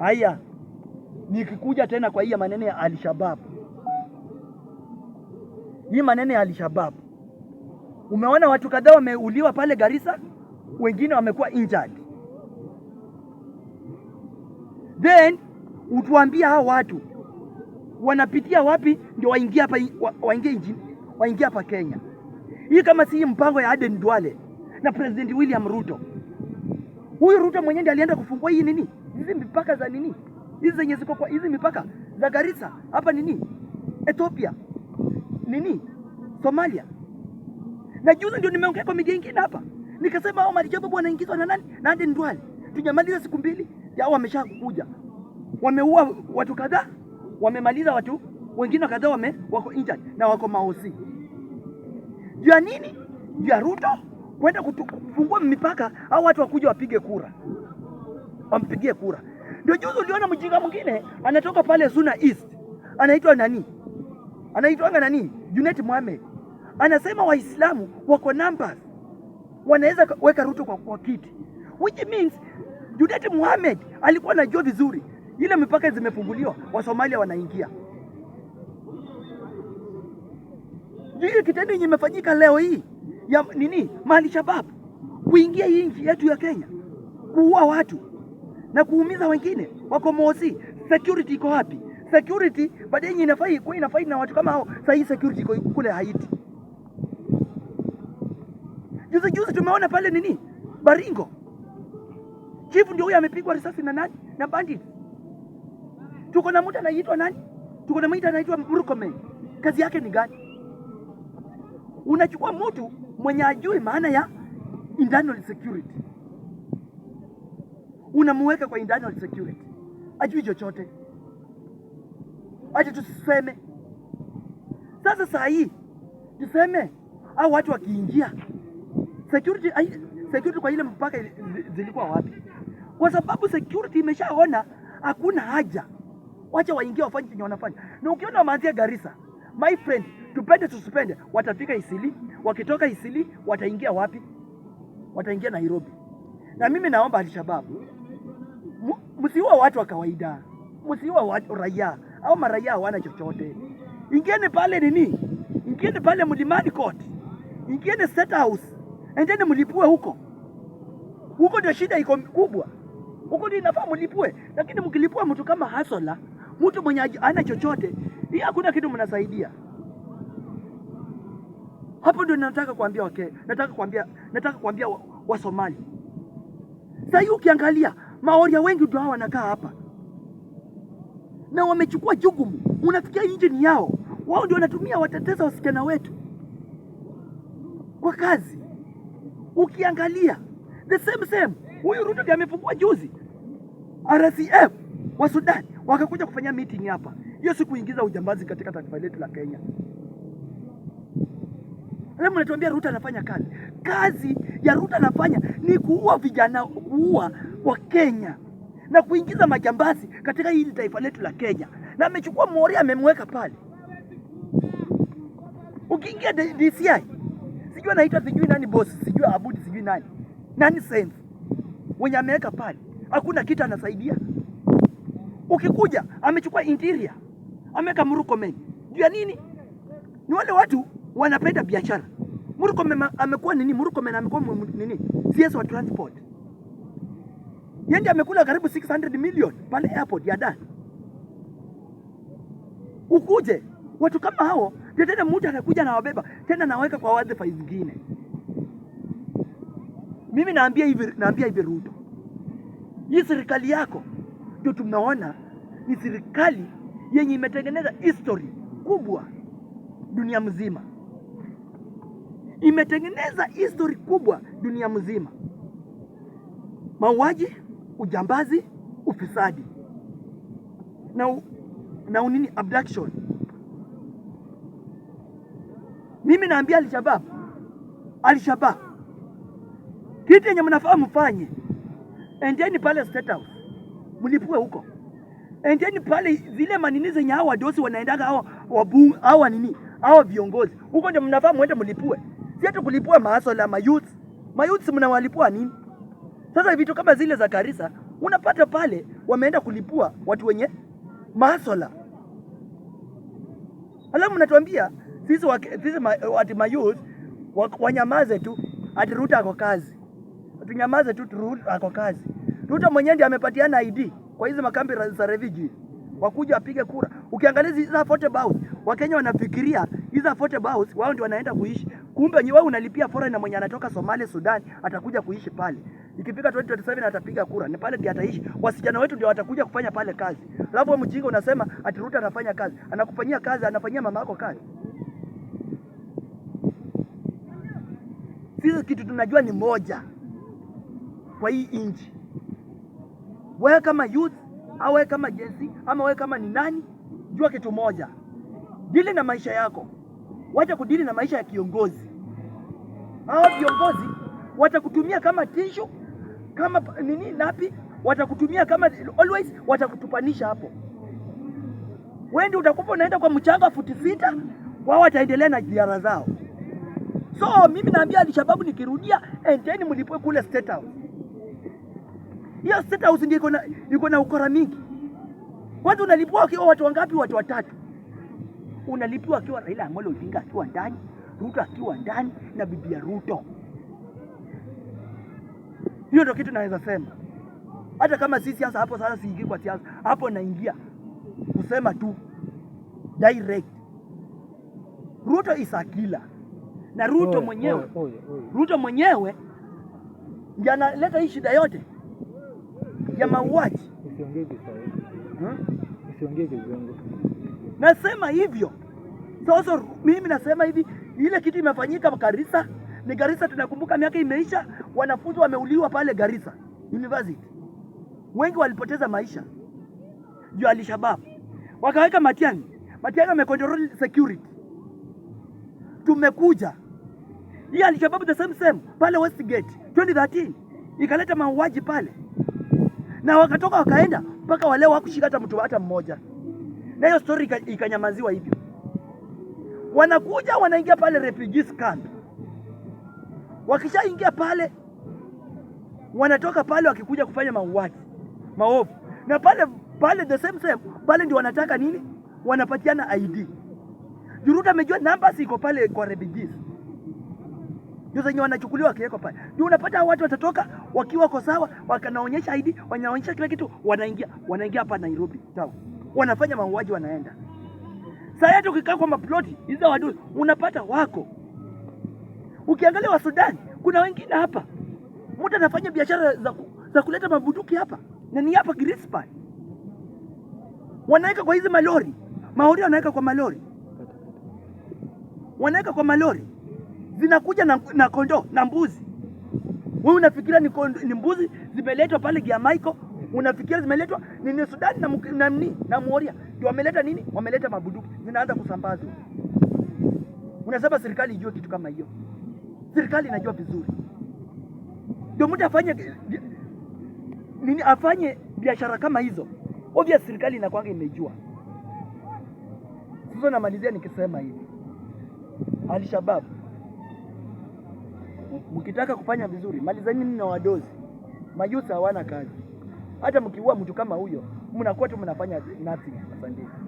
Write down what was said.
Haya, nikikuja tena kwa hiya maneno ya Alshabab, hii maneno ya Alshabab, umeona watu kadhaa wameuliwa pale Garissa, wengine wamekuwa injured, then utuambia hao watu wanapitia wapi ndio waingie hapa, waingie waingie hapa Kenya? Hii kama si mpango ya Aden Duale na President William Ruto. Huyu Ruto mwenyewe ndiye alienda kufungua hii nini? hizi mipaka za nini hizi zenye ziko kwa hizi mipaka za Garissa hapa nini Ethiopia nini Somalia. Na juzi ndio nimeongea kwa media nyingine hapa nikasema hao Malijababu wanaingizwa na nani na Aden Duale. Tujamaliza siku mbili yao wameshakuja, wameua watu kadhaa, wamemaliza watu wengine kadhaa, wame wako injured na wako maosi. Juu ya nini? Juu ya Ruto kwenda kufungua mipaka au watu wakuja wapige kura wampigie kura. Ndio juzi uliona mjinga mwingine anatoka pale Suna East, anaitwa nani? Anaitwanga nani? Junet Mohamed anasema Waislamu wako numbers, wanaweza weka Ruto kwa, kwa kiti, which means Junet Mohamed alikuwa anajua vizuri ile mipaka zimefunguliwa, Wasomalia wanaingia. juu kitendo yenye imefanyika leo hii ya nini, mali shababu kuingia hii nchi yetu ya Kenya kuua watu na kuumiza wengine. Wako Mosi, security iko wapi? Security baadaye inafai kwa inafai na watu kama hao. Sasa hii security iko kule Haiti. Juzi juzi tumeona pale nini Baringo, chifu ndio huyo amepigwa risasi na nani na bandit. Tuko na mtu anaitwa nani? Tuko na mtu anaitwa Murkomen. Kazi yake ni gani? Unachukua mtu mwenye ajui maana ya internal security unamuweka kwa internal security, ajui chochote. Acha tuseme sasa, saa hii tuseme au watu wakiingia security, security kwa ile mpaka zilikuwa wapi? Kwa sababu security imeshaona hakuna haja, wacha waingie wafanye chenye wanafanya. Na ukiona wameanzia Garissa, my friend, tupende tusipende, watafika Isili. Wakitoka Isili wataingia wapi? Wataingia Nairobi. Na mimi naomba Alshababu msiua watu wa kawaida, msiua watu raia au maraia hawana chochote. Ingieni pale nini, ingieni pale Mlimani Court, ingieni State House, endeni mlipue huko. Huko ndio shida iko kubwa, huko ndio inafaa mlipue. Lakini mkilipua mtu kama Hasola, mtu mwenye ana chochote, hii hakuna kitu mnasaidia hapo. Ndio nataka kuambia wake, nataka kuambia, nataka kuambia Wasomali wa sasa, ukiangalia Maoria wengi ndio hao wanakaa hapa na wamechukua jukumu. Unafikia injini yao, wao ndio wanatumia wateteza wasichana wetu kwa kazi. Ukiangalia the same same, huyu Ruto ndiye amefungua juzi RCF wa Sudan, wakakuja kufanya meeting hapa, hiyo si kuingiza ujambazi katika taifa letu la Kenya. Alafu natuambia Ruto anafanya kazi. Kazi ya Ruto anafanya ni kuua vijana, kuua wa Kenya na kuingiza majambazi katika hili taifa letu la Kenya, na amechukua Mworia amemweka pale. Ukiingia DCI sijui anaitwa sijui nani boss sijui Abudi sijui nani nani sense wenye ameweka pale, hakuna kitu anasaidia. Ukikuja amechukua interior ameweka Murkomen juu ya nini? Ni wale watu wanapenda biashara. Murkomen amekuwa nini? Murkomen amekuwa nini? CS wa transport yeye ndiye amekula karibu 600 million pale airport ya Dar. Ukuje watu kama hao ndio tena mtu anakuja wabeba tena naweka kwa wadhifa zingine. Mimi naambia hivi, naambia hivi Ruto, hii serikali yako ndio tunaona ni serikali yenye imetengeneza history kubwa dunia mzima, imetengeneza history kubwa dunia mzima, mauaji ujambazi, ufisadi na, na unini abduction. Mimi naambia Alshabab, Alshabab kitu yenye mnafaa mfanye, endeni pale State House mlipue huko, endeni pale zile manini zenye hao wadosi wanaendaga hao wabunge hao nini hao viongozi huko, ndio mnafaa mwende mlipue, sio tu kulipua maasola mayuth mayuth mnawalipua nini? Sasa vitu kama zile za Karisa unapata pale, wameenda kulipua watu wenye masola, alafu mnatuambia sisi ati mayouth wanyamaze tu, ati Ruto ako kazi, tunyamaze tu, Ruto ako kazi. Ruto mwenyewe ndiye amepatiana ID kwa hizi makambi za refugee wakuja wapige kura. Ukiangalia hizo affordable house, Wakenya wanafikiria hizo affordable house wao ndio wanaenda kuishi, kumbe wewe unalipia na mwenye anatoka Somalia, Sudan atakuja kuishi pale ikifika 2027 atapiga kura, ni pale ndio ataishi. Wasichana wetu ndio watakuja kufanya pale kazi. Alafu wewe mjinga unasema ati Ruto anafanya kazi, anakufanyia kazi, anafanyia mama yako kazi. Sisi kitu tunajua ni moja kwa hii nchi, wewe kama youth au wewe kama jesi ama wewe kama ni nani, jua kitu moja, dili na maisha yako, wacha kudili na maisha ya kiongozi. Hao viongozi watakutumia kama tishu kama nini napi, watakutumia kama always, watakutupanisha hapo. Wewe ndio utakupa unaenda kwa mchanga futi sita, wao wataendelea na ziara zao. So mimi naambia Alshababu nikirudia, endeni mlipwe kule State House. Hiyo State House ndio iko na ukora mingi. Kwanza unalipwa wakiwa watu wangapi? Watu watatu. Unalipwa akiwa Raila Amolo Odinga akiwa ndani, Ruto akiwa ndani na bibi ya Ruto. Hiyo ndio kitu naweza sema. Hata kama si siasa hapo, sasa siingi kwa siasa hapo, naingia kusema tu direct. Ruto isakila na Ruto mwenyewe Ruto mwenyewe ndiye analeta hii shida yote ya mauaji. Nasema hivyo sasa, mimi nasema hivi ile kitu imefanyika Garissa, ni Garissa tunakumbuka, miaka imeisha, wanafunzi wameuliwa pale Garissa University, wengi walipoteza maisha juu Alshabab, wakaweka Matiang'i. Matiang'i amecontrol security. Tumekuja hii Alshabab the same same pale Westgate 2013 ikaleta mauaji pale, na wakatoka wakaenda mpaka waleo wakushika hata mtu hata mmoja, na hiyo story ikanyamaziwa hivyo wanakuja wanaingia pale refugee camp. Wakishaingia pale wanatoka pale wakikuja kufanya mauaji maovu, na pale pale the same same pale ndio wanataka nini, wanapatiana ID. Juruta amejua namba ziko pale kwa refugees ndio zenye wanachukuliwa wakiwekwa pale, ndio unapata watu watatoka wakiwa kwa sawa, wakanaonyesha ID, wanaonyesha kila kitu, wanaingia wanaingia hapa Nairobi town, wanafanya mauaji, wanaenda Saa yetu ukikaa kwa maploti hizo wadudu unapata wako. Ukiangalia wa Sudan kuna wengine hapa, mtu anafanya biashara za, za kuleta mabunduki hapa na ni hapa Grispan wanaweka kwa hizi malori maori, wanaweka kwa malori, wanaweka kwa malori zinakuja na, na kondoo na mbuzi. Wewe unafikiria ni, ni mbuzi zimeletwa pale Giamaiko unafikia zimeletwa nini? Sudani na na, na Moria ndio wameleta nini? Wameleta mabunduki zinaanza kusambazwa. Unasema serikali ijue kitu kama hiyo? Serikali inajua vizuri, ndio mtu afanye nini, afanye biashara kama hizo. Obvious serikali inakwanga imejua. Sasa namalizia nikisema hivi, Alshabab mkitaka kufanya vizuri, malizanini na wadozi. Majusa hawana kazi. Hata mkiua mtu kama huyo, mnakuwa tu mnafanya nothing. Asante.